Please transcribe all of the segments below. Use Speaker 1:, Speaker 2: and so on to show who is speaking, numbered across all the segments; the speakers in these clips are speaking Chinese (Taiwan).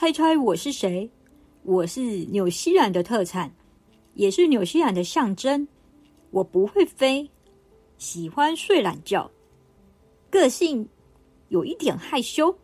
Speaker 1: 猜猜我是誰？我是紐西蘭的特產，也是紐西蘭的象徵。我不會飛，喜歡睡懶覺，個性有一點害羞。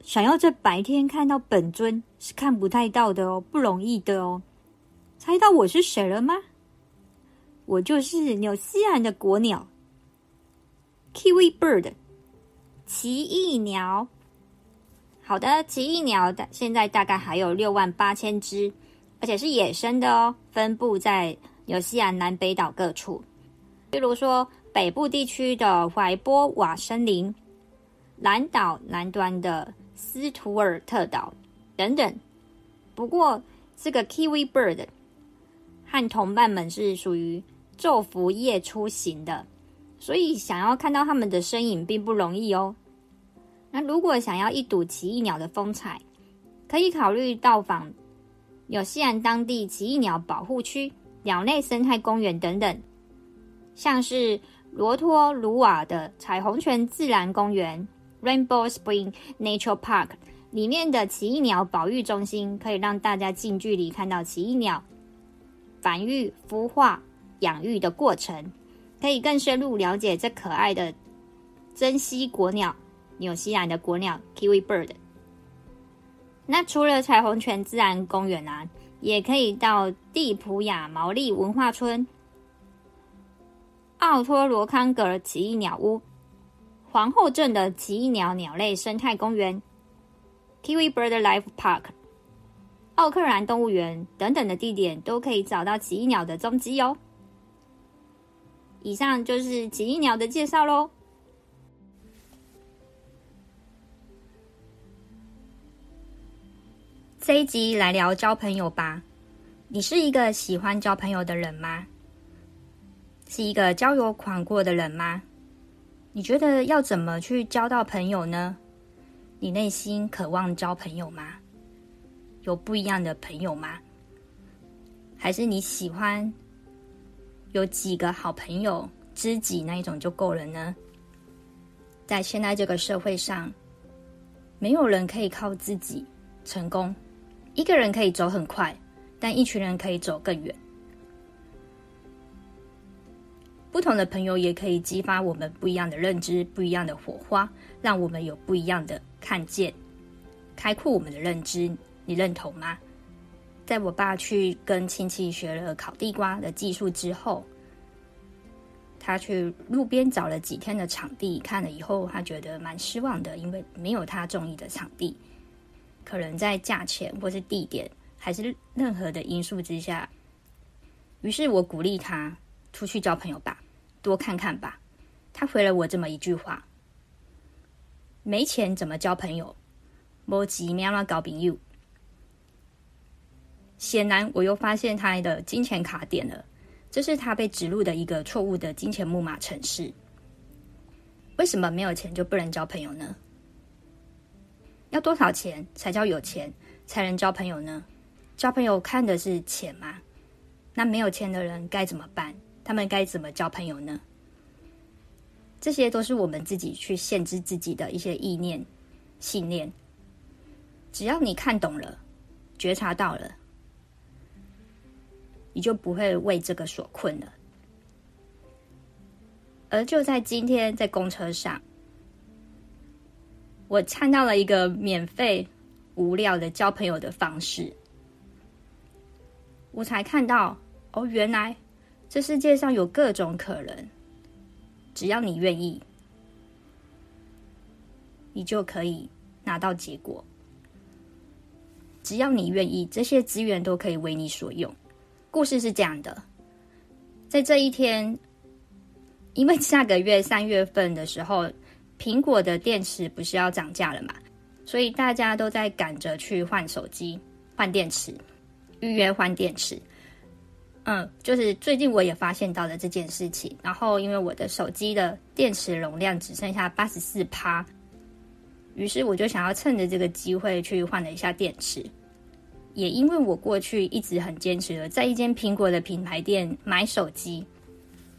Speaker 1: 想要在白天看到本尊是看不太到的哦，不容易的哦。猜到我是誰了嗎？我就是紐西蘭的國鳥，Kiwi bird，奇異鳥。好的，奇異鳥大現在大概還有六萬八千隻，而且是野生的哦，分佈在紐西蘭南北島各處，例如說北部地區的懷波瓦森林、南島南端的斯圖爾特島等等。不過，這個 kiwi bird 和同伴們是屬於晝伏夜出型的，所以想要看到他們的身影並不容易哦。那如果想要一睹奇異鳥的風采，可以考慮到訪紐西蘭當地奇異鳥保護區、鳥類生態公園等等，像是羅托魯瓦的彩虹泉自然公園 （Rainbow Spring Natural Park） 裡面的奇異鳥保育中心，可以讓大家近距離看到奇異鳥繁育、孵化、養育的過程，可以更深入了解這可愛的珍稀國鳥。紐西蘭的國鳥 Kiwi Bird，那除了彩虹泉自然公園啊，也可以到蒂普亞毛利文化村、奧托羅康格奇異鳥屋、皇後鎮的奇異鳥鳥類生態公園 （Kiwi Bird Life Park）、奧克蘭動物園等等的地點，都可以找到奇異鳥的蹤跡喲、哦。以上就是奇異鳥的介紹嘍。這一集來聊交朋友吧。你是一個喜歡交朋友的人嗎？是一個交友狂過的人嗎？你覺得要怎麼去交到朋友呢？你內心渴望交朋友嗎？有不一樣的朋友嗎？還是你喜歡有幾個好朋友、知己那一種就夠了呢？在現在這個社會上，沒有人可以靠自己成功。一個人可以走很快，但一群人可以走更遠。不同的朋友也可以激發我們不一樣的認知，不一樣的火花，讓我們有不一樣的看見，開闊我們的認知。你認同嗎？在我爸去跟親戚學了烤地瓜的技術之後，他去路邊找了幾天的場地，看了以後，他覺得蠻失望的，因為沒有他中意的場地。可能在價錢或是地點，還是任何的因素之下，於是我鼓勵他出去交朋友吧，多看看吧。他回了我這麼一句話：“沒錢怎麼交朋友？莫吉咪拉搞朋友。”顯然，我又發現他的金錢卡點了，這是他被植入的一個錯誤的金錢木馬程式。為什麼沒有錢就不能交朋友呢？要多少錢才叫有錢，才能交朋友呢？交朋友看的是錢嗎？那沒有錢的人該怎麼辦？他們該怎麼交朋友呢？這些都是我們自己去限制自己的一些意念、信念。只要你看懂了，覺察到了，你就不會為這個所困了。而就在今天，在公車上。我看到了一個免費、無料的交朋友的方式，我才看到哦，原來這世界上有各種可能，只要你願意，你就可以拿到結果。只要你願意，這些資源都可以為你所用。故事是這樣的，在這一天，因為下個月三月份的時候。蘋果的電池不是要漲價了嘛？所以大家都在趕着去換手機、換電池，預約換電池。嗯，就是最近我也發現到了這件事情。然後，因為我的手機的電池容量只剩下八十四趴，於是我就想要趁着這個機會去換了一下電池。也因為我過去一直很堅持的在一間蘋果的品牌店買手機。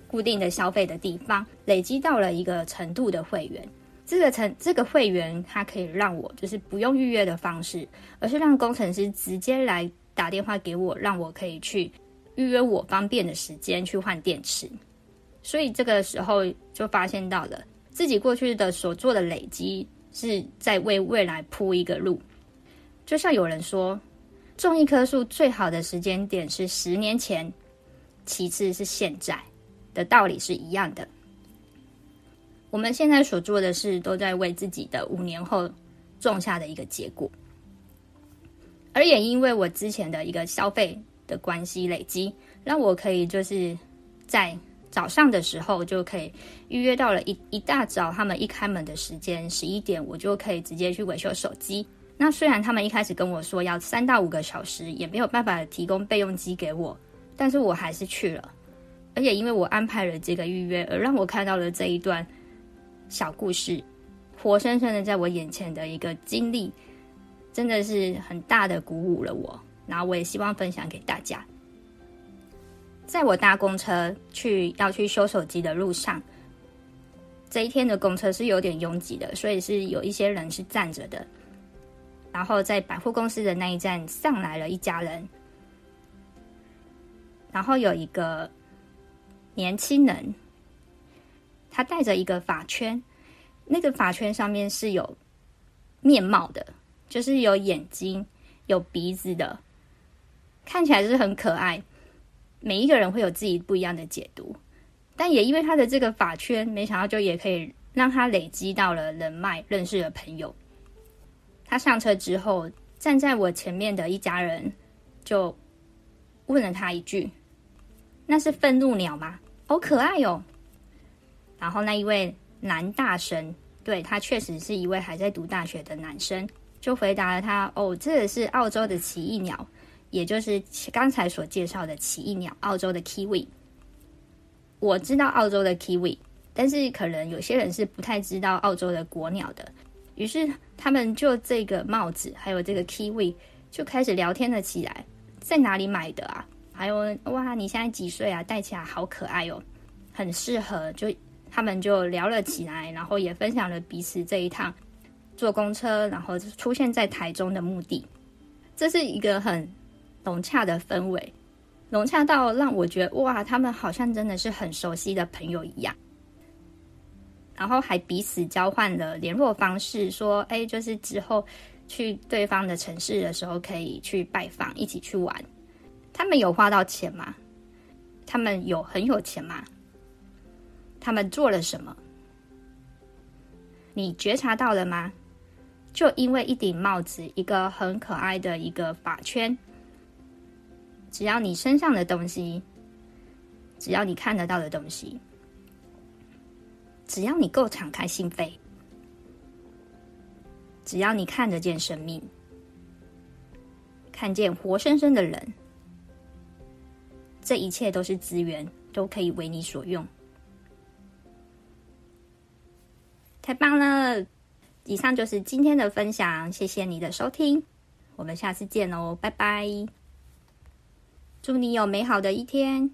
Speaker 1: 固定的消費的地方，累積到了一個程度的會員，這個程，這個會員，它可以讓我就是不用預約的方式，而是讓工程師直接來打電話給我，讓我可以去預約我方便的時間去換電池。所以這個時候就發現到了自己過去的所做的累積是在為未來鋪一個路，就像有人說，種一棵樹最好的時間點是十年前，其次是現在。的道理是一樣的。我們現在所做的事，都在為自己的五年後種下的一個結果。而也因為我之前的一個消費的關係累積，讓我可以就是在早上的時候就可以預約到了。一一大早他們一開門的時間十一點，我就可以直接去維修手機。那雖然他們一開始跟我說要三到五個小時，也沒有辦法提供備用機給我，但是我還是去了。而且，因為我安排了這個預約，而讓我看到了這一段小故事，活生生的在我眼前的一個經歷，真的是很大的鼓舞了我。然後，我也希望分享給大家。在我搭公車去要去修手機的路上，這一天的公車是有點擁擠的，所以是有一些人是站着的。然後，在百貨公司的那一站上來了一家人，然後有一個。年輕人，他戴着一個髮圈，那個髮圈上面是有面貌的，就是有眼睛、有鼻子的，看起來就是很可愛。每一個人會有自己不一樣的解讀，但也因為他的這個髮圈，沒想到就也可以讓他累積到了人脈，認識了朋友。他上車之後，站在我前面的一家人就問了他一句：“那是憤怒鳥嗎？”好可愛喲！然後那一位男大生，對，他確實是一位還在讀大學的男生，就回答了他：“哦，這個是澳洲的奇異鳥，也就是剛才所介紹的奇異鳥，澳洲的 kiwi。”我知道澳洲的 kiwi，但是可能有些人是不太知道澳洲的國鳥的。於是他們就這個帽子還有這個 kiwi 就開始聊天了起來，在哪裡買的啊？還有哇，你現在幾歲啊？戴起來好可愛哦，很適合。就他們就聊了起來，然後也分享了彼此這一趟坐公車，然後出現在台中的目的。這是一個很融洽的氛圍，融洽到讓我覺得哇，他們好像真的是很熟悉的朋友一樣。然後還彼此交換了聯絡方式，說哎、欸，就是之後去對方的城市的時候，可以去拜訪，一起去玩。他們有花到錢嗎？他們有很有錢嗎？他們做了什麼？你覺察到了嗎？就因為一頂帽子，一個很可愛的一個髮圈，只要你身上的東西，只要你看得到的東西，只要你夠敞開心扉，只要你看得見生命，看見活生生的人，這一切都是資源，都可以為你所用，太棒了！以上就是今天的分享，謝謝你的收聽，我們下次見嘍，拜拜！祝你有美好的一天。